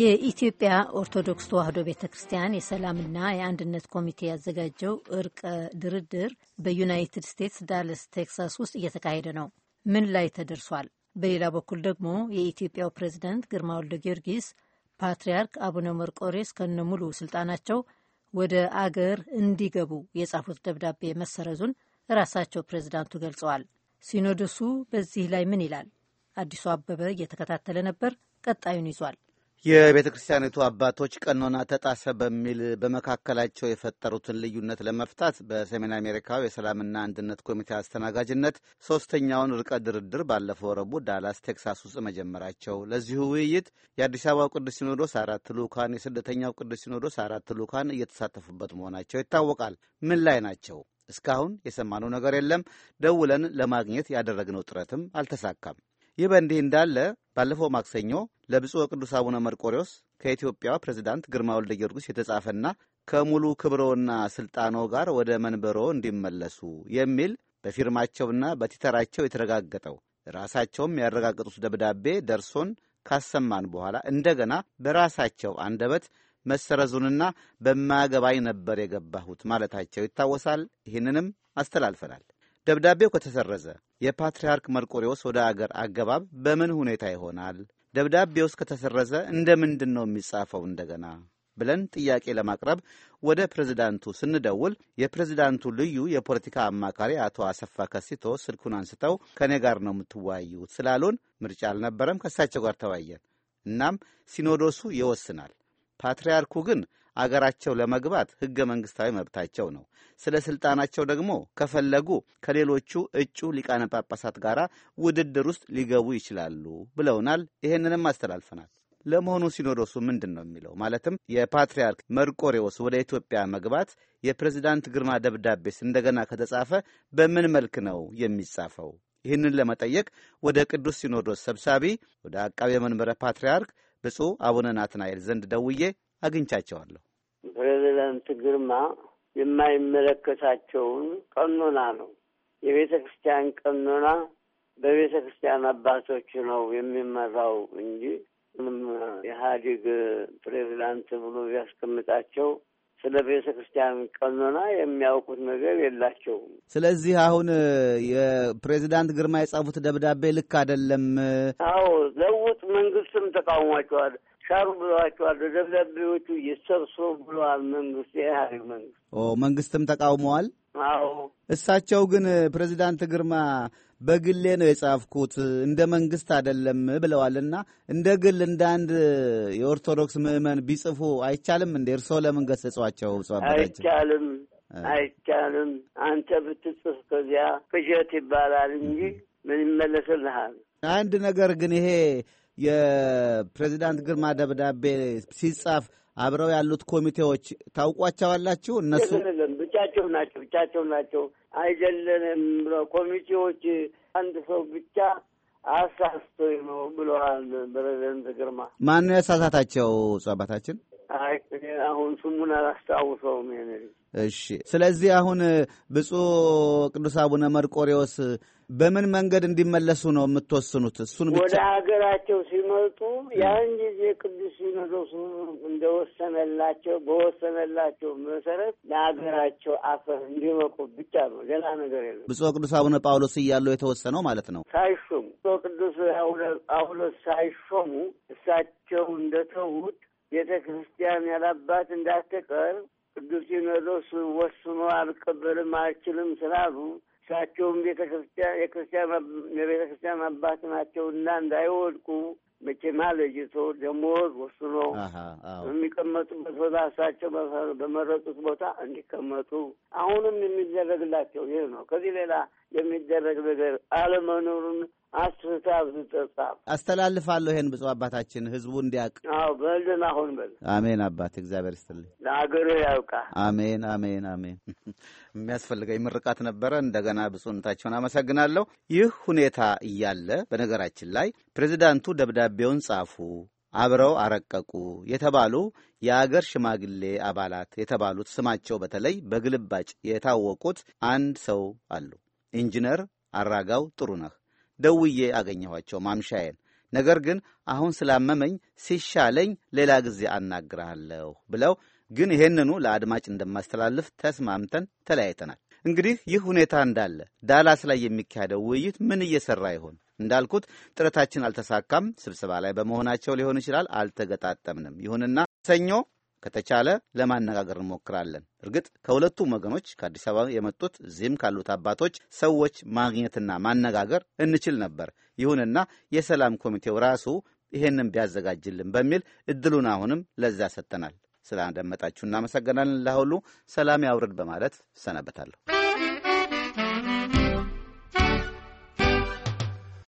የኢትዮጵያ ኦርቶዶክስ ተዋሕዶ ቤተ ክርስቲያን የሰላምና የአንድነት ኮሚቴ ያዘጋጀው እርቀ ድርድር በዩናይትድ ስቴትስ ዳለስ ቴክሳስ ውስጥ እየተካሄደ ነው። ምን ላይ ተደርሷል? በሌላ በኩል ደግሞ የኢትዮጵያው ፕሬዝደንት ግርማ ወልደ ጊዮርጊስ ፓትርያርክ አቡነ መርቆሬስ ከነ ሙሉ ስልጣናቸው ወደ አገር እንዲገቡ የጻፉት ደብዳቤ መሰረዙን ራሳቸው ፕሬዝዳንቱ ገልጸዋል። ሲኖዶሱ በዚህ ላይ ምን ይላል? አዲሱ አበበ እየተከታተለ ነበር፣ ቀጣዩን ይዟል። የቤተ ክርስቲያኒቱ አባቶች ቀኖና ተጣሰ በሚል በመካከላቸው የፈጠሩትን ልዩነት ለመፍታት በሰሜን አሜሪካው የሰላምና አንድነት ኮሚቴ አስተናጋጅነት ሶስተኛውን ርቀት ድርድር ባለፈው ረቡዕ ዳላስ ቴክሳስ ውስጥ መጀመራቸው፣ ለዚሁ ውይይት የአዲስ አበባው ቅዱስ ሲኖዶስ አራት ልኡካን፣ የስደተኛው ቅዱስ ሲኖዶስ አራት ልኡካን እየተሳተፉበት መሆናቸው ይታወቃል። ምን ላይ ናቸው? እስካሁን የሰማነው ነገር የለም። ደውለን ለማግኘት ያደረግነው ጥረትም አልተሳካም። ይህ በእንዲህ እንዳለ ባለፈው ማክሰኞ ለብፁዕ ቅዱስ አቡነ መርቆሪዎስ ከኢትዮጵያ ፕሬዚዳንት ግርማ ወልደ ጊዮርጊስ የተጻፈና ከሙሉ ክብሮና ስልጣኖ ጋር ወደ መንበሮ እንዲመለሱ የሚል በፊርማቸውና በቲተራቸው የተረጋገጠው ራሳቸውም ያረጋገጡት ደብዳቤ ደርሶን ካሰማን በኋላ እንደገና በራሳቸው አንደበት መሰረዙንና በማያገባኝ ነበር የገባሁት ማለታቸው ይታወሳል። ይህንንም አስተላልፈናል። ደብዳቤው ከተሰረዘ የፓትርያርክ መርቆሪዎስ ወደ አገር አገባብ በምን ሁኔታ ይሆናል? ደብዳቤው ከተሰረዘ እንደ ምንድን ነው የሚጻፈው እንደገና ብለን ጥያቄ ለማቅረብ ወደ ፕሬዚዳንቱ ስንደውል የፕሬዚዳንቱ ልዩ የፖለቲካ አማካሪ አቶ አሰፋ ከሲቶ ስልኩን አንስተው ከእኔ ጋር ነው የምትወያዩት ስላሉን ምርጫ አልነበረም፣ ከእሳቸው ጋር ተወያየን። እናም ሲኖዶሱ ይወስናል። ፓትርያርኩ ግን አገራቸው ለመግባት ሕገ መንግሥታዊ መብታቸው ነው። ስለ ሥልጣናቸው ደግሞ ከፈለጉ ከሌሎቹ እጩ ሊቃነ ጳጳሳት ጋር ውድድር ውስጥ ሊገቡ ይችላሉ ብለውናል። ይህንንም አስተላልፈናል። ለመሆኑ ሲኖዶሱ ምንድን ነው የሚለው? ማለትም የፓትርያርክ መርቆሬዎስ ወደ ኢትዮጵያ መግባት የፕሬዚዳንት ግርማ ደብዳቤስ እንደገና ከተጻፈ በምን መልክ ነው የሚጻፈው? ይህንን ለመጠየቅ ወደ ቅዱስ ሲኖዶስ ሰብሳቢ ወደ አቃቤ መንበረ ፓትርያርክ ብፁዕ አቡነ ናትናኤል ዘንድ ደውዬ አግኝቻቸዋለሁ። ፕሬዚዳንት ግርማ የማይመለከታቸውን ቀኖና ነው የቤተ ክርስቲያን ቀኖና በቤተ ክርስቲያን አባቶች ነው የሚመራው እንጂ ምንም ኢህአዴግ ፕሬዚዳንት ብሎ ቢያስቀምጣቸው ስለ ቤተ ክርስቲያን ቀኖና የሚያውቁት ነገር የላቸውም። ስለዚህ አሁን የፕሬዚዳንት ግርማ የጻፉት ደብዳቤ ልክ አይደለም። አዎ ለውጥ መንግስትም ተቃውሟቸዋል። ሰሩ ብለዋቸዋል። ደብዳቤዎቹ ይሰብሰቡ ብለዋል። መንግስት የኢህአዴግ መንግስት መንግስትም ተቃውመዋል። አዎ እሳቸው ግን ፕሬዚዳንት ግርማ በግሌ ነው የጻፍኩት እንደ መንግስት አይደለም ብለዋልና እንደ ግል እንደ አንድ የኦርቶዶክስ ምዕመን ቢጽፉ አይቻልም? እንደ እርስዎ ለምን ገሰጿቸው? አይቻልም አይቻልም። አንተ ብትጽፍ ከዚያ ፍጀት ይባላል እንጂ ምን ይመለስልሃል? አንድ ነገር ግን ይሄ የፕሬዚዳንት ግርማ ደብዳቤ ሲጻፍ አብረው ያሉት ኮሚቴዎች ታውቋቸዋላችሁ? እነሱ ብቻቸው ናቸው ብቻቸው ናቸው አይደለንም ኮሚቴዎች አንድ ሰው ብቻ አሳስቶ ነው ብለዋል ፕሬዚደንት ግርማ። ማን ነው ያሳሳታቸው? ጸባታችን አሁን ስሙን አላስታውሰውም። እሺ። ስለዚህ አሁን ብፁዕ ቅዱስ አቡነ መርቆሪዎስ በምን መንገድ እንዲመለሱ ነው የምትወስኑት? እሱን ብቻ ወደ ሀገራቸው ሲመጡ ያን ጊዜ ቅዱስ ሲኖዶሱ እንደወሰነላቸው በወሰነላቸው መሰረት ለሀገራቸው አፈር እንዲመቁ ብቻ ነው። ሌላ ነገር የለም። ብፁዕ ቅዱስ አቡነ ጳውሎስ እያሉ የተወሰነው ማለት ነው። ሳይሾሙ ብፁዕ ቅዱስ ጳውሎስ ሳይሾሙ እሳቸው እንደተዉት ቤተ ክርስቲያን ያላባት እንዳትቀር ቅዱስ ሲኖዶስ ወስኖ አልቀበልም አልችልም ስላሉ እሳቸውም ቤተክርስቲያን የቤተ ክርስቲያን አባት ናቸውና እንዳይወድቁ መቼማ ለይቶ ደሞዝ ወስኖ የሚቀመጡበት ቦታ እሳቸው በመረጡት ቦታ እንዲቀመጡ አሁንም የሚደረግላቸው ይህ ነው። ከዚህ ሌላ የሚደረግ ነገር አለመኖሩን አስርታ ብትጠጣ አስተላልፋለሁ። ይሄን ብፁዕ አባታችን ህዝቡ እንዲያውቅ። አዎ በልን አሁን በል። አሜን አባት እግዚአብሔር ይስጥልኝ። ለአገሩ ያውቃ። አሜን አሜን አሜን። የሚያስፈልገኝ ምርቃት ነበረ። እንደገና ብፁዕነታቸውን አመሰግናለሁ። ይህ ሁኔታ እያለ በነገራችን ላይ ፕሬዚዳንቱ ደብዳቤውን ጻፉ አብረው አረቀቁ የተባሉ የአገር ሽማግሌ አባላት የተባሉት ስማቸው በተለይ በግልባጭ የታወቁት አንድ ሰው አሉ። ኢንጂነር አራጋው ጥሩ ነህ ደውዬ አገኘኋቸው ማምሻዬን። ነገር ግን አሁን ስላመመኝ ሲሻለኝ ሌላ ጊዜ አናግርሃለሁ ብለው ግን ይሄንኑ ለአድማጭ እንደማስተላልፍ ተስማምተን ተለያይተናል። እንግዲህ ይህ ሁኔታ እንዳለ ዳላስ ላይ የሚካሄደው ውይይት ምን እየሰራ ይሆን? እንዳልኩት ጥረታችን አልተሳካም። ስብሰባ ላይ በመሆናቸው ሊሆን ይችላል። አልተገጣጠምንም። ይሁንና ሰኞ ከተቻለ ለማነጋገር እንሞክራለን። እርግጥ ከሁለቱም ወገኖች ከአዲስ አበባ የመጡት እዚህም ካሉት አባቶች ሰዎች ማግኘትና ማነጋገር እንችል ነበር። ይሁንና የሰላም ኮሚቴው ራሱ ይሄንን ቢያዘጋጅልን በሚል እድሉን አሁንም ለዛ ሰጥተናል። ስላደመጣችሁ እናመሰግናለን። ለሁሉ ሰላም ያውርድ በማለት ሰነበታለሁ።